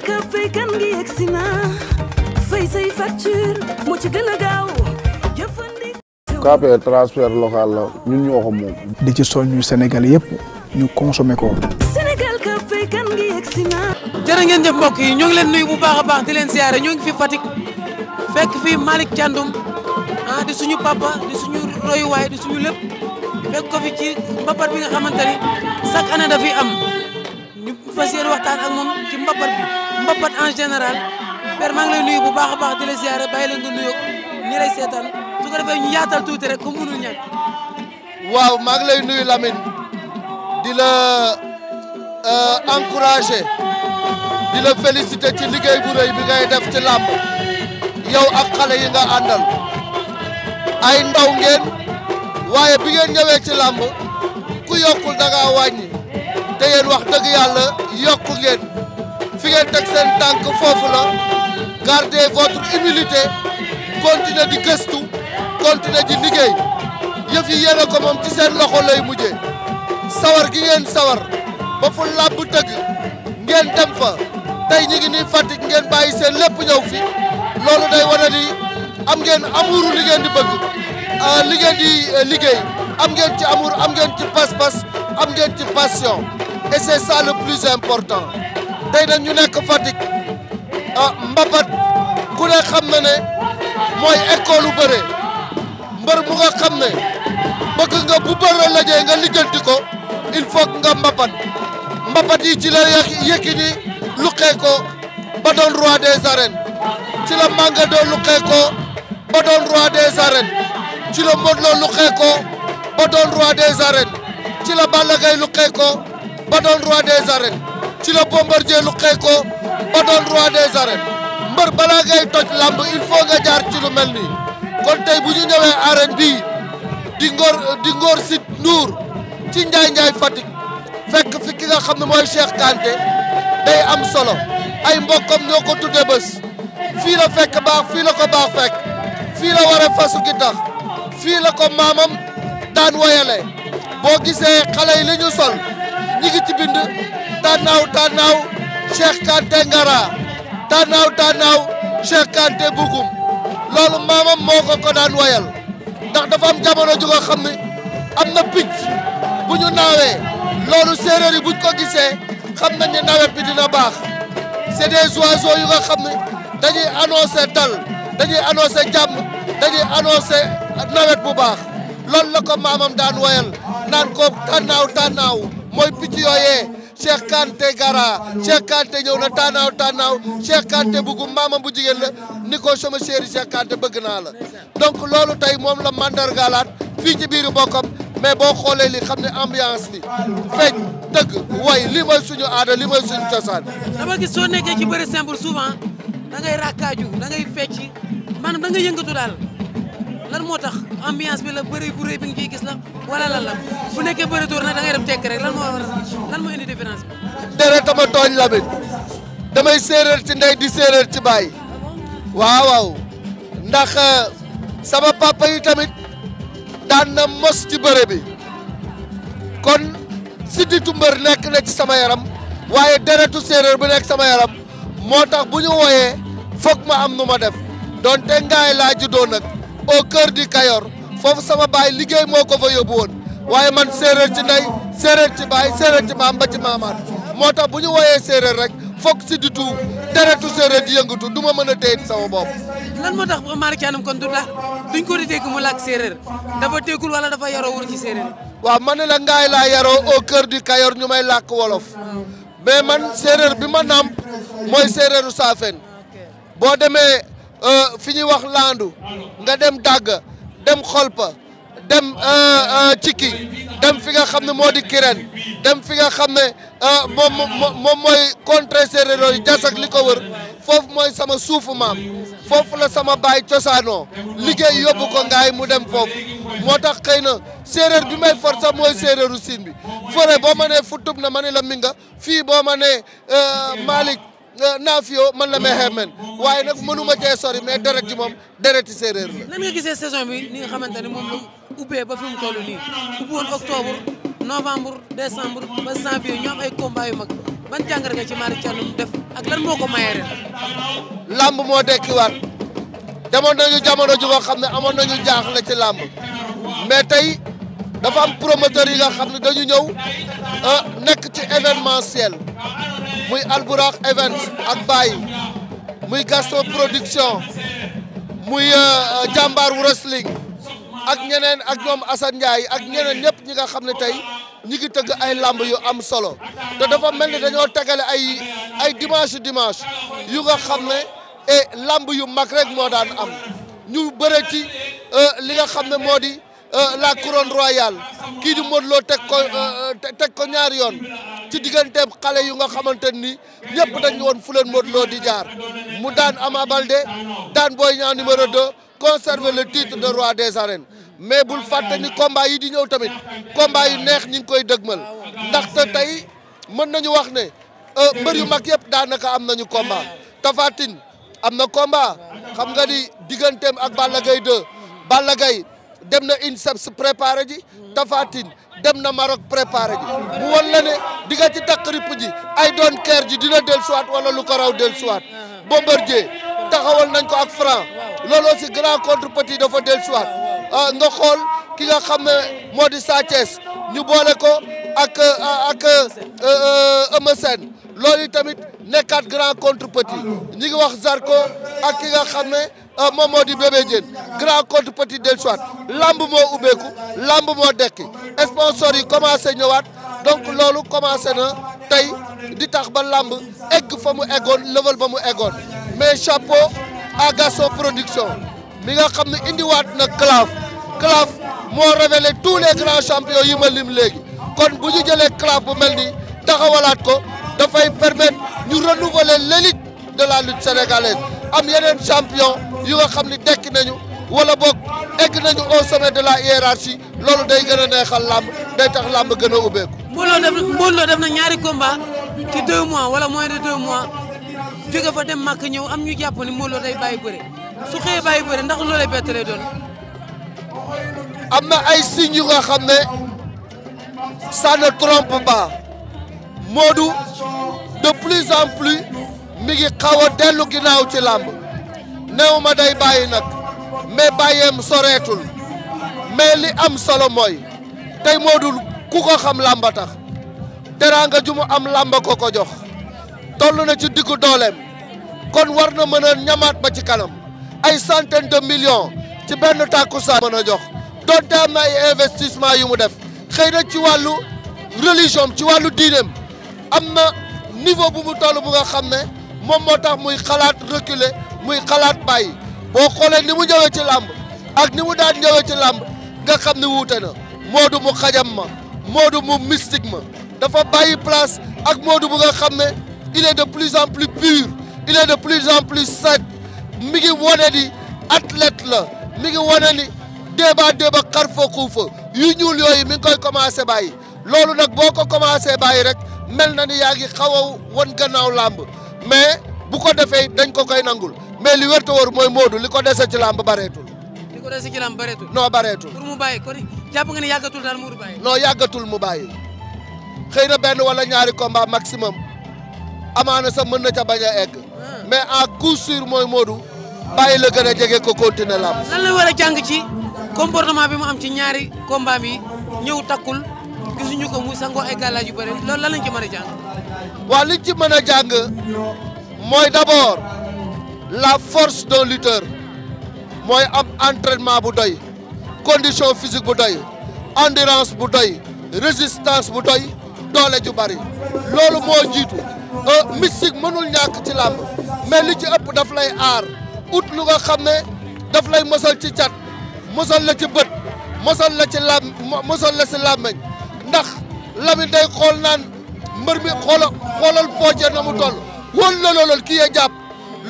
ñëwal kër fay local la ñun ñoo moom. di ci soññu Sénégal yëpp ñu consommer ko. Sénégal kër mbokk yi ñoo ngi leen ñoo ngi fi Fatick fekk fi Malick Thiandoum ah, di suñu papa di suñu royuwaay di suñu lépp fekk ko fi ci mbapat bi nga xamante ni chaque année am. ñu fas yéene waxtaan ak moom ci mbapat bi mbapat en général père maa lay nuyu bu baax a baax di la ziare bàyyi la nga nuyoog nii lay seetaan su ko defee ñu yaatal tuuti rek comme mënul ñàkk. waaw maa ngi lay nuyu Lamine di la euh, encourager di la féliciter ci liggéey bu rëy bi ngay def ci làmb yow ak xale yi nga àndal ay ndaw ngeen waaye bi ngeen ñëwee ci làmb ku yokkul da wàññi te yéen wax dëgg yàlla yokku ngeen. fi ngeen teg seen tànk foofu la gardez votre humilité continuez di gëstu continuez di liggéey yëf yi yéen ko moom ci seen loxo lay mujjee sawar gi ngeen sawar ba fu làbb dëgg ngeen dem fa tey ñi ngi nii Fatick ngeen bàyyi seen lépp ñëw fi loolu day wane ni am ngeen amuuru li ngeen di bëgg ah, li ngeen di eh, liggéey am ngeen ci amour am ngeen ci pas-pas am ngeen ci passion et c'est ça le plus important tey nag ñu nekk Fatick ah Mbapat ku ne xam na ne mooy école lu bëre mbër mu nga xam ne bëgg nga bu bëre lajee nga lijjanti ko il faut nga Mbapat Mbapat yi ci la Yékini luqee ko ba doon roi des arènes ci la Manga Do luqee ko ba doon roi des arènes ci la Modou Lo luqee ba doon roi des arènes ci la Balla Gaye luqee ba doon roi des arènes. ci la Bombardier lu xëy ko ba doon roi des arènes mbër balaa ngay toj làmb il faut nga jaar ci lu mel nii kon tey bu ñu ñëwee arène bii di ngor di ngor sit Ndour ci Njaay Njaay Fatick fekk fi nga xam ne mooy Cheikh Kanté day am solo ay mbokkam ñoo ko tuddee bés fii la fekk baax fii la ko baax fekk fii la war a fasu fii la ko maamam daan woyale boo gisee xale yi li sol ñi ngi ci bind Tanaw Tanaw Cheikh Kanté Ngara Tanaw Tanaw Cheikh Kanté Boukoum loolu maamam moo ko daan woyal ndax dafa am jamono ju nga xam ne am na picc bu ñu naawee loolu séeréer yi buñ ko gisee xam nañ nawet bi dina baax c'est des oiseaux yu xam dañuy annoncer dal dañuy annoncer jàmm dañuy annoncer nawet bu baax loolu la ko maamam daan woyal naan ko tànnaaw tànnaaw mooy picc yooyee Cheikh Kanté Gara Cheikh Kanté ñëw na tànnaaw tànnaaw Cheikh Kanté bu maamam bu jigéen la ni ko sama chéri Cheikh Kanté bëgg naa la donc loolu tey moom la mandargalaat fii ci biiru bokkam mais boo xoolee li xam ne ambiance li fecc dëgg way li mooy suñu aada li mooy suñu cosaan dama gis soo nekkee ci bëri simple souvent da ngay rakkaaju da ngay fecc maanaam da yëngatu daal lan moo tax ambiance bi la bëri ku rëy bi nga ciy gis la wala lan la bu nekkee bëri door na da ngay def tekk rek lan moo lan moo damay séeréer ci ndey di séeréer ci baay waaw waaw ndax euh, sama papa ci bëre bi kon sidditu mbër nekk ci sama yaram waaye deretu séeréer bu nekk sama yaram moo tax bu ñu wooyee foog ma am nu ma def donte ngaay laa juddoo nag. au cœur du Kayor foofu sama baay liggéey moo ko fa yóbbu woon waaye man séeréer ci ndey séeréer ci baay séeréer ci maam ba ci maamaat moo tax bu ñu woyee séeréer rek foog si du tu deretu séeréer di yëngatu du ma mën a téye sama bopp. lan moo tax ma Omar Thianam kon du la duñ ko di dégg mu làkk séeréer dafa teekul wala dafa yaroo wul ci séeréer. waaw man la ngaay laa yaroo o kër di Kayor ñu may lak wolof ah. mais man séeréer bi ma nàmp mooy séeréeru saafeen Euh, fi ñuy wax laandu nga dem dàgg dem xolpa dem cikki euh, euh, dem fi nga xam ne moo di kireen dem fi nga xam ne moom moom mooy contrée séeréer yooyu jas ak li ko wër foofu mooy sama suufu maam foofu la sama baay cosaanoo liggéey yóbbu ko ngaay mu dem foofu moo tax xëy na séréer bi may for sax mooy séréeru siin bi fële boo ma nee futub na ma ne la minga fii boo ma nee Malick Euh, Nafio man la may xeemeen waaye nag mënuma cee sori mais deret ji moom dereti séeréer la. nan nga gisee saison bi ni nga xamante ne moom la ubbee ba fi mu toll nii ubbi woon octobre novembre décembre ba janvier ñu am ay combat yu mag ban jàngat nga ci Malick Thiandoum def ak lan moo ko mayee ren. làmb moo dekkiwaat demoon nañu jamono ju nga xam ne amoon nañu jaaxle ci làmb mais tey. dafa am promoteur yi nga xam ne dañu ñëw euh, nekk ci événementiel muy Albourakh Events ak Baye muy Gaston Production muy euh, euh, Jàmbaar Wrestling ak ñeneen ak ñoom Assane Ndiaye ak ñeneen ñëpp ñi nga xam ne tey ñi ngi tëgg ay làmb yu am solo te dafa mel ni dañoo tegale ay ay dimanche dimanche yu nga xam ne eh, làmb yu mag rek moo daan am ñu bëre ci li nga xam ne moo di Euh, la couronne royale kii di Modou Lo teg ko euh, euh, teg ko ñaari yoon ci diggante xale yu nga xamante ni ñëpp dañu woon fu leen Modou Lo di jaar mu daan am Baldé daan Boy Niang numéro 2 conserver le titre de roi des arènes mais bul fàtte ni combat yi di ñëw tamit combat yu neex ñi ngi koy dëgmal ndaxte tey mën nañu wax ne mbër yu mag yëpp daanaka am nañu combat tafatin am na combat xam nga ni digganteem ak Balla Gaye 2 Balla Gaye dem na INSEPS préparé ji Tafatine dem na Maroc préparé ji bu wan la ne di nga ci takk ripp ji ay doon keer ji dina dellusiwaat wala lu ko raw dellusiwaat Bombardier taxawal nañ ko ak franc loolu aussi grand contre petit dafa dellusiwaat ah, nga xool ki nga xam ne moo di Sa Thiès ñu boole ko ak ak euh, Eumeu Sène loolu tamit nekkaat grand contre petit ñi ngi wax Zarko ak ki nga xam Euh, moom moo di bébé Diène grand contre petit del soit lamb moo ubbeeku lamb moo dekki sponsors yi commencé ñëwaat donc loolu commencé na tey di tax ba lamb egg fa mu eggoon level ba mu eggoon mais chapeau à Gaston production mi nga xam ne indiwaat na Claf Claf moo révélé tous les grands champions yi ma lim léegi kon bu ñu jëlee Claf bu mel nii taxawalaat ko dafay permettre ñu renouveler l'élite de la lu sénégalaise am yeneen champion yu nga xam ni tekki nañu wala boog egg nañu au sommet de la hiérarchie loolu day gën a neexal làmb day tax làmb gën a ubbeeku. Modou Lo def Modou Lo def na ñaari combat ci deux mois wala moins de deux mois jóge fa dem màkk ñëw am ñu jàpp ni Modou Lo day bàyyi bëre su xëyee bàyyi bëre ndax loolee bett doon. am na ay signes yu nga xam ne ça ne trompe pas Modou de plus en plus mi ngi xaw dellu ginnaaw ci làmb. néew ma day bàyyi nag mais bàyyeem soreetul mais li am solo mooy tey Modou ku ko xam làmba tax teraanga ju mu am làmba ko ko jox toll na ci diggu dooleem kon war na mën a ñamaat ba ci kanam ay centaine de million ci benn tàkkusaan mën a jox donte am na ay investissement yu mu def xëy na ci wàllu religion ci wàllu diineem am na niveau bu mu toll bu nga xam ne moom moo tax muy xalaat reculer muy xalaat bàyyi boo xoolee ni mu ñëwee ci làmb ak ni mu daan ñëwee ci làmb nga xam ni wuute na Modou mu xajam ma Modou mu mystique ma dafa bàyyi place ak Modou bu nga xam ne il est de plus en plus pur il est de plus en plus sec mi ngi wane ni athlète la mi ngi wane ni déeba déeba xar fa xuufa yu ñuul yooyu mi ngi koy commencé bàyyi loolu nag boo ko commencé bàyyi rek mel na ni yaa xaw a wan gannaaw làmb mais bu ko defee dañ ko koy nangul mais li wér te wóor mooy Modou li ko dese ci làmb bareetul. li ko dese ci làmb bareetul. non bareetul. pour jàpp nga ne yàggatul daal Modou mu bàyyi xëy na benn wala ñaari combat maximum amaana sax mën na ca bañ a egg. Ah. mais à coup sûr mooy Modou bàyyi la gën a jege ko continuer làmb. lan la war a jàng ci comportement bi mu am ci ñaari combat bi ñëw takkul gisuñu ko mu sangoo ay gàllaaj yu bëri loolu lan lañ ci mën a jàng. waaw liñ ci mën a jàng mooy d'abord. la force d'un lutteur mooy am entraînement bu doy condition physique bu doy endurance bu doy résistance bu doy doole ju bari loolu moo jiitu euh, mystique mënul ñàkk ci làmb mais li ci ëpp daf lay aar ut lu nga xam ne daf lay mosal ci cat mosal la ci bët mosal la ci lam mosal la si làmmeñ ndax Lamine day xool naan mbër mi xoola xoolal poocee na mu toll wóolu la loolool kii yee jàpp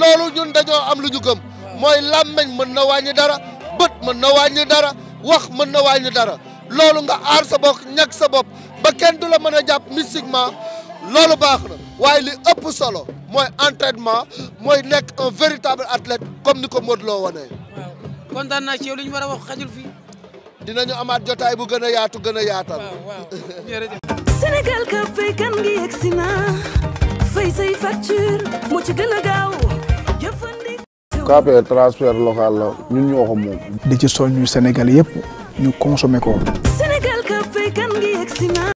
loolu ñun dañoo am lu ñu gëm mooy làmmeñ mën na wàññi dara bët mën na wàññi dara wax mën na wàññi dara loolu nga aar sa bopp ñag sa bopp ba kenn du la mën a jàpp mystiquement loolu baax na waaye li ëpp solo mooy entraînement mooy nekk un véritable athlète comme ni ko Modou Lo wanee. kontaan naa ci yow li ñu a wax xajul fii. dinañu amaat jotaay bu gën a yaatu gën a yaatal. Sénégal a gaaw. KPR transfert locale la ñun ñoo ko moom. di ci soññu Sénégal yëpp ñu consommer ko.